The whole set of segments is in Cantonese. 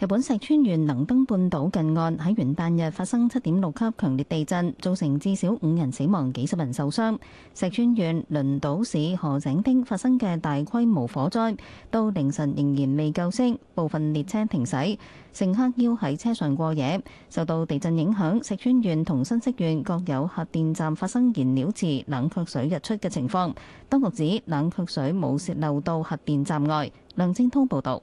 日本石川縣能登半島近岸喺元旦日發生7.6級強烈地震，造成至少5人死亡，幾十人受傷。石川縣輪島市河井町發生嘅大規模火災到凌晨仍然未救熄，部分列車停駛，乘客要喺車上過夜。受到地震影響石川縣同新潟縣各有核電站發生燃料池冷卻水溢出嘅情況，當局指冷卻水冇洩漏到核電站外。梁清通報道。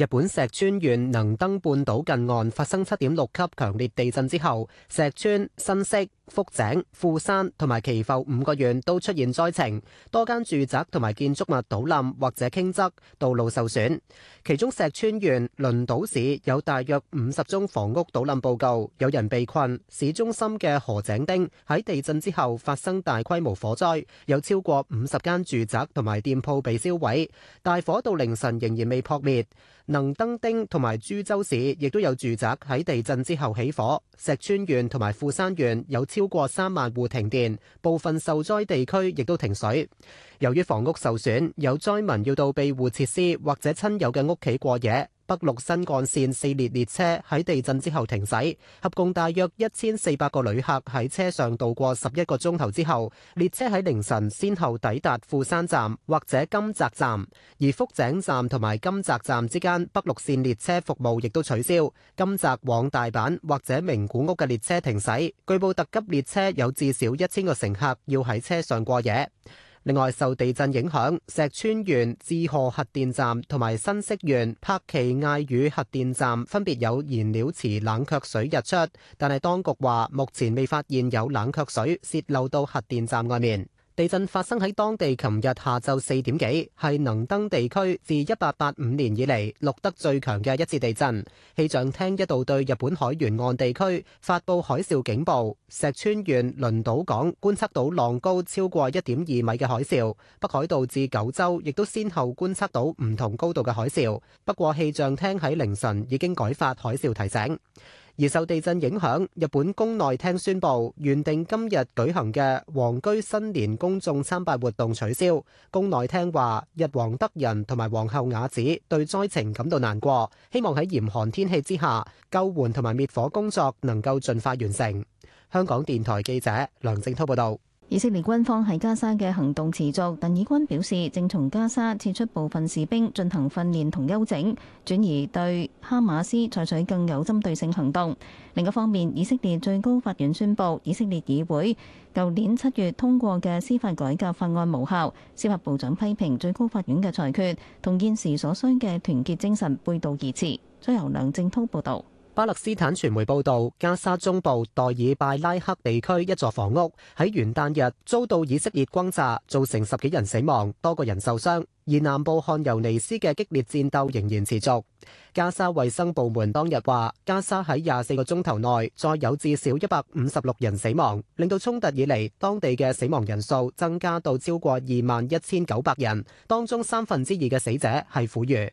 日本石川縣能登半島近岸發生七點六級強烈地震之後，石川、新潟、福井、富山同埋岐阜五個縣都出現災情，多間住宅同埋建築物倒冧或者傾側，道路受損。其中石川縣輪島市有大約五十宗房屋倒冧報告，有人被困。市中心嘅河井町喺地震之後發生大規模火災，有超過五十間住宅同埋店鋪被燒毀，大火到凌晨仍然未撲滅。能登町同埋珠洲市亦都有住宅喺地震之後起火。石川縣同埋富山縣有超，超過三萬戶停電，部分受災地區亦都停水。由於房屋受損，有災民要到庇護設施或者親友嘅屋企過夜。北陸新幹線四列列車喺地震之後停駛，合共大約一千四百個旅客喺車上度過十一個鐘頭之後，列車喺凌晨先後抵達富山站或者金澤站，而福井站同埋金澤站之間北陸線列車服務亦都取消，金澤往大阪或者名古屋嘅列車停駛。據報，特急列車有至少一千個乘客要喺車上過夜。另外，受地震影響，石川縣志賀核電站同埋新潟縣柏崎刈羽核電站分別有燃料池冷卻水溢出，但係當局話目前未發現有冷卻水泄漏到核電站外面。地震發生喺當地琴日下晝四點幾，係能登地區自一八八五年以嚟錄得最強嘅一次地震。氣象廳一度對日本海沿岸地區發佈海嘯警報，石川縣輪島港觀測到浪高超過一點二米嘅海嘯。北海道至九州亦都先後觀測到唔同高度嘅海嘯。不過氣象廳喺凌晨已經改發海嘯提醒。而受地震影響，日本宮內廳宣佈原定今日舉行嘅皇居新年公眾參拜活動取消。宮內廳話日皇德仁同埋皇后雅子對災情感到難過，希望喺嚴寒天氣之下，救援同埋滅火工作能夠盡快完成。香港電台記者梁靜濤報道。以色列軍方喺加沙嘅行動持續，但以軍表示正從加沙撤出部分士兵進行訓練同休整，轉而對哈馬斯採取更有針對性行動。另一方面，以色列最高法院宣布以色列議會舊年七月通過嘅司法改革法案無效，司法部長批評最高法院嘅裁決，同現時所需嘅團結精神背道而馳。再由梁正濤報道。巴勒斯坦傳媒報道，加沙中部代爾拜拉克地區一座房屋喺元旦日遭到以色列轟炸，造成十幾人死亡，多個人受傷。而南部漢尤尼斯嘅激烈戰鬥仍然持續。加沙衛生部門當日話，加沙喺廿四個鐘頭內再有至少一百五十六人死亡，令到衝突以嚟當地嘅死亡人數增加到超過二萬一千九百人，當中三分之二嘅死者係婦女。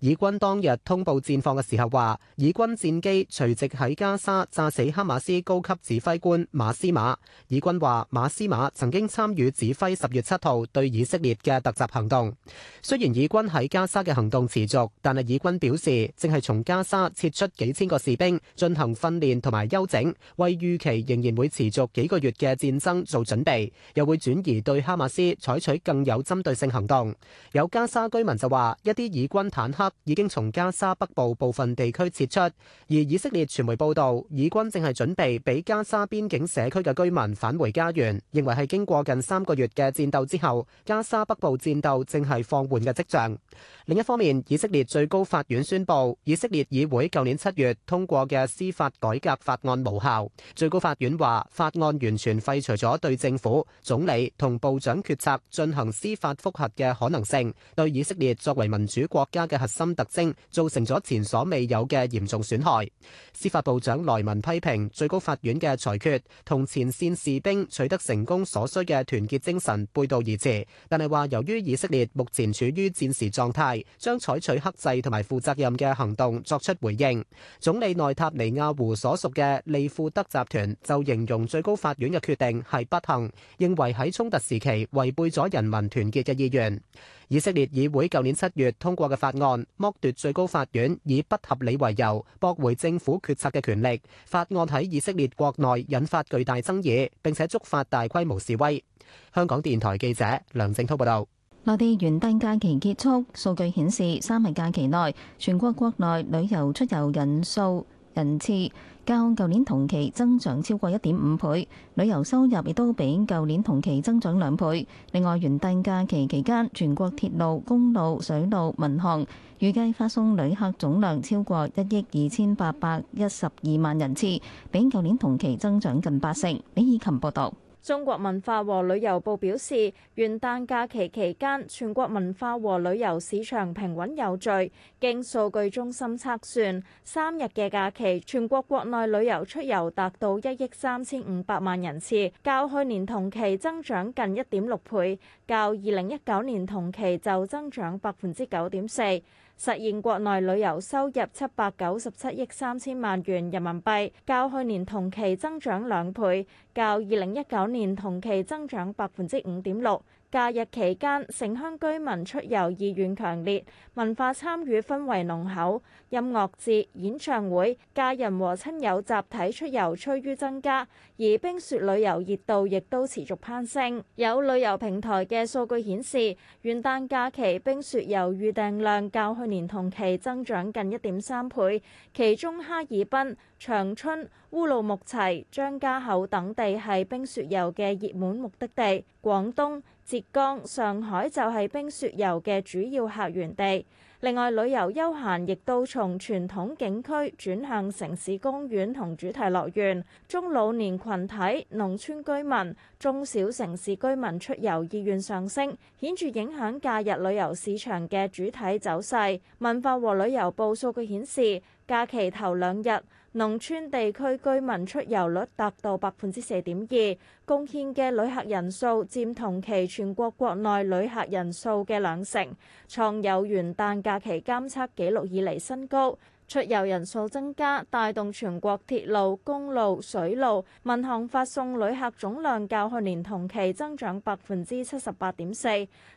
以軍當日通報戰況嘅時候話，以軍戰機隨即喺加沙炸死哈馬斯高級指揮官馬斯馬。以軍話馬斯馬曾經參與指揮十月七號對以色列嘅突襲行動。雖然以軍喺加沙嘅行動持續，但係以軍表示正係從加沙撤出幾千個士兵進行訓練同埋休整，為預期仍然會持續幾個月嘅戰爭做準備，又會轉移對哈馬斯採取更有針對性行動。有加沙居民就話，一啲以軍坦克已經從加沙北部部分地區撤出，而以色列傳媒報道，以軍正係準備俾加沙邊境社區嘅居民返回家園，認為係經過近三個月嘅戰鬥之後，加沙北部戰鬥正係放緩嘅跡象。另一方面，以色列最高法院宣布，以色列議會舊年七月通過嘅司法改革法案無效。最高法院話，法案完全廢除咗對政府、總理同部長決策進行司法複核嘅可能性，對以色列作為民主國家嘅核。新特徵造成咗前所未有嘅嚴重損害。司法部長萊文批評最高法院嘅裁決同前線士兵取得成功所需嘅團結精神背道而馳，但係話由於以色列目前處於戰時狀態，將採取克制同埋負責任嘅行動作出回應。總理內塔尼亞胡所屬嘅利庫德集團就形容最高法院嘅決定係不幸，認為喺衝突時期違背咗人民團結嘅意願。以色列議會舊年七月通過嘅法案，剝奪最高法院以不合理為由駁回政府決策嘅權力。法案喺以色列國內引發巨大爭議，並且觸發大規模示威。香港電台記者梁正滔報道。內地元旦假期結束，數據顯示三日假期內，全國國內旅遊出遊人數。人次較舊年同期增長超過一點五倍，旅遊收入亦都比舊年同期增長兩倍。另外，元旦假期期間，全國鐵路、公路、水路、民航預計發送旅客總量超過一億二千八百一十二萬人次，比舊年同期增長近八成。李以琴報道。中國文化和旅遊部表示，元旦假期期間，全國文化和旅遊市場平穩有序。經數據中心測算，三日嘅假期，全國國內旅遊出遊達到一億三千五百萬人次，較去年同期增長近一點六倍，較二零一九年同期就增長百分之九點四。實現國內旅遊收入七百九十七億三千萬元人民幣，較去年同期增長兩倍，較二零一九年同期增長百分之五點六。假日期間，城鄉居民出遊意願強烈，文化參與氛圍濃厚，音樂節、演唱會、家人和親友集體出遊趨於增加，而冰雪旅遊熱度亦都持續攀升。有旅遊平台嘅數據顯示，元旦假期冰雪遊預訂量較去年同期增長近一點三倍，其中哈爾濱、長春、烏魯木齊、張家口等地係冰雪遊嘅熱門目的地，廣東、浙江、上海就係冰雪遊嘅主要客源地。另外，旅遊休閒亦都從傳統景區轉向城市公園同主題樂園，中老年群體、農村居民、中小城市居民出遊意願上升，顯著影響假日旅遊市場嘅主體走勢。文化和旅遊部數據顯示，假期頭兩日。農村地區居民出遊率達到百分之四點二，貢獻嘅旅客人數佔同期全國國內旅客人數嘅兩成，創有元旦假期監測記錄以嚟新高。出遊人數增加，帶動全國鐵路、公路、水路、民航發送旅客總量較去年同期增長百分之七十八點四，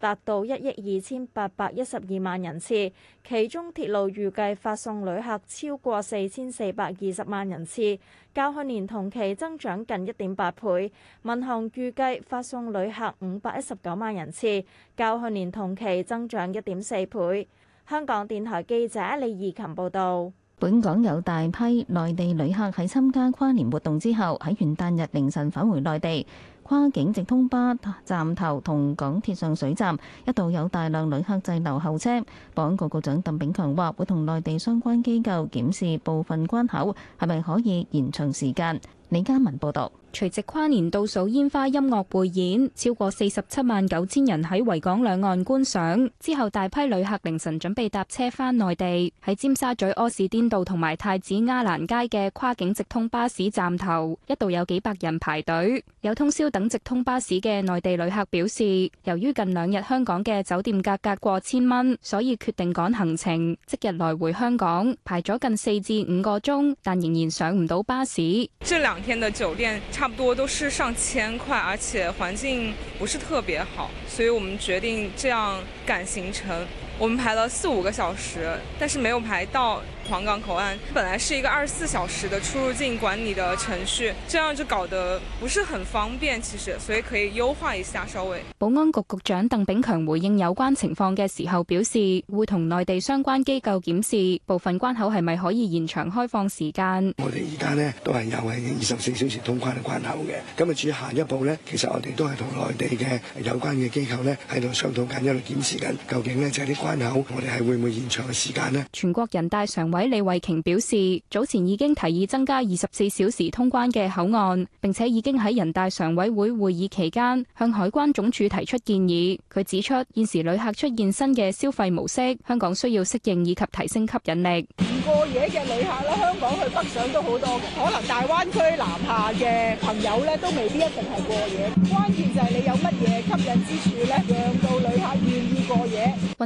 達到一億二千八百一十二萬人次。其中鐵路預計發送旅客超過四千四百二十萬人次，較去年同期增長近一點八倍。民航預計發送旅客五百一十九萬人次，較去年同期增長一點四倍。香港電台記者李怡琴報道，本港有大批內地旅客喺參加跨年活動之後，喺元旦日凌晨返回內地。跨境直通巴站頭同港鐵上水站一度有大量旅客滯留候車，保安局局長鄧炳強話，會同內地相關機構檢視部分關口，係咪可以延長時間，李嘉文報道。除夕跨年倒數煙花音樂匯演，超過四十七萬九千人喺維港兩岸觀賞。之後大批旅客凌晨準備搭車返內地，喺尖沙咀柯士甸道同埋太子丫蘭街嘅跨境直通巴士站頭，一度有幾百人排隊。有通宵等直通巴士嘅內地旅客表示，由於近兩日香港嘅酒店價格過千蚊，所以決定趕行程，即日來回香港。排咗近四至五個鐘，但仍然上唔到巴士。這兩天嘅酒店。差不多都是上千塊，而且環境不是特別好，所以我們決定這樣趕行程。我們排了四五個小時，但是沒有排到。香港口岸本來是一個二十四小時的出入境管理的程序，這樣就搞得不是很方便，其實，所以可以優化一下。稍微保安局局長鄧炳強回應有關情況嘅時候表示，會同內地相關機構檢視部分關口係咪可以延長開放時間。我哋而家咧都係又係二十四小時通關嘅關口嘅，咁啊至於下一步咧，其實我哋都係同內地嘅有關嘅機構咧喺度商討緊一路檢視緊，究竟咧即係啲關口我哋係會唔會延長嘅時間咧？全國人大常委李慧瓊表示，早前已經提議增加二十四小時通關嘅口岸，並且已經喺人大常委會會議期間向海關總署提出建議。佢指出，現時旅客出現新嘅消費模式，香港需要適應以及提升吸引力。唔過夜嘅旅客咧，香港去北上都好多，可能大灣區南下嘅朋友咧都未必一定係過夜，關鍵就係你有乜嘢吸引之處咧。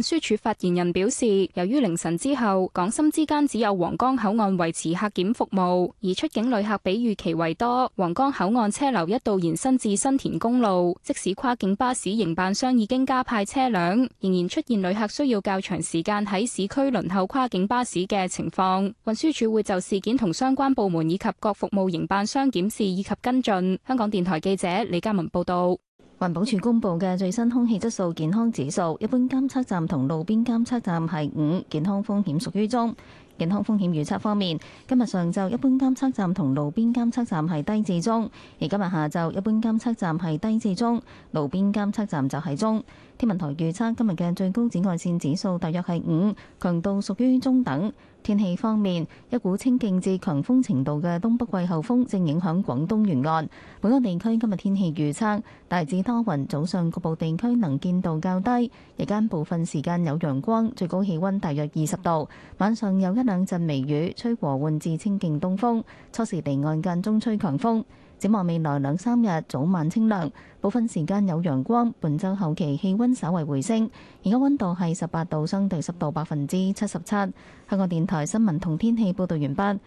運輸署發言人表示，由於凌晨之後港深之間只有皇崗口岸維持客檢服務，而出境旅客比預期為多，皇崗口岸車流一度延伸至新田公路，即使跨境巴士營辦商已經加派車輛，仍然出現旅客需要較長時間喺市區輪候跨境巴士嘅情況。運輸署會就事件同相關部門以及各服務營辦商檢視以及跟進。香港電台記者李嘉文報道。環保署公布嘅最新空氣質素健康指數，一般監測站同路邊監測站係五，健康風險屬於中。健康風險預測方面，今日上晝一般監測站同路邊監測站係低至中，而今日下晝一般監測站係低至中，路邊監測站就係中。天文台預測今日嘅最高紫外線指數大約係五，強度屬於中等。天氣方面，一股清勁至強風程度嘅東北季候風正影響廣東沿岸。本港地區今日天氣預測大致多雲，早上局部地區能見度較低，日間部分時間有陽光，最高氣溫大約二十度。晚上有一兩陣微雨，吹和緩至清勁東風，初時離岸間中吹強風。展望未來兩三日，早晚清涼，部分時間有陽光。本週後期氣温稍為回升，而家温度係十八度，相對濕度百分之七十七。香港電台新聞同天氣報導完畢。